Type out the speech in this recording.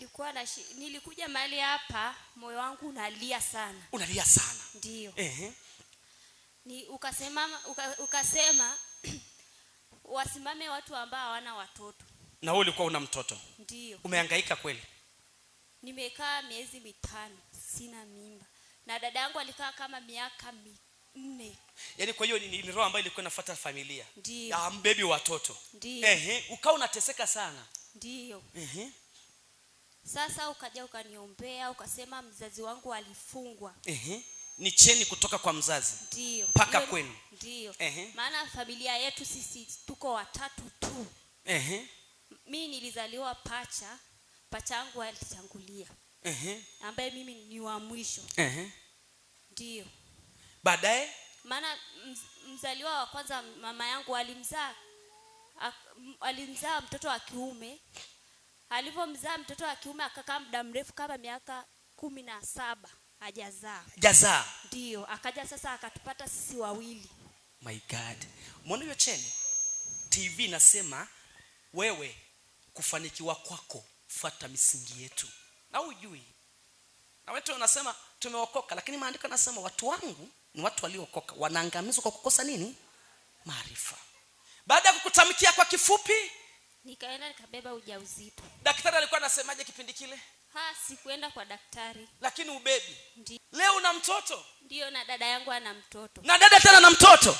nilikuwa na shi, nilikuja mahali hapa, moyo wangu unalia sana. Unalia sana? Ndio. Ehe. Ni ukasema uka, ukasema wasimame watu ambao hawana watoto. Na wewe ulikuwa una mtoto? Ndio. Umehangaika kweli? Nimekaa miezi mitano sina mimba, na dada yangu alikaa kama miaka minne. Yaani kwa hiyo ni roho ambayo ilikuwa inafuata familia, ndio ambebi watoto. Ndio. Ehe, ukawa unateseka sana. Ndio. Ehe. Sasa ukaja ukaniombea ukasema mzazi wangu alifungwa. Ehe. Ni cheni kutoka kwa mzazi ndio mpaka kwenu ndio. Maana familia yetu sisi tuko watatu tu. Ehe. Mimi nilizaliwa pacha, pacha yangu alitangulia. Ambaye mimi ni wa mwisho. Ehe. Ndio. Baadaye maana mzaliwa wa kwanza mama yangu alimzaa alimzaa mtoto wa kiume Alipomzaa mtoto wa kiume akakaa muda mrefu kama miaka kumi na saba hajazaa. jazaa Ndio, akaja sasa akatupata sisi wawili. My God. Mbona hiyo cheni? TV nasema wewe kufanikiwa kwako fuata misingi yetu. Na ujui. Na wetu unasema tumeokoka lakini maandiko anasema watu wangu ni watu waliookoka wanaangamizwa kwa kukosa nini? Maarifa. Baada ya kukutamkia kwa kifupi, Nikaenda nikabeba ujauzito. Daktari alikuwa anasemaje kipindi kile? Ha, sikuenda kwa daktari. Lakini ubebi. Ndiyo. Leo una mtoto? Ndiyo, na dada yangu ana mtoto. Na dada tena na mtoto?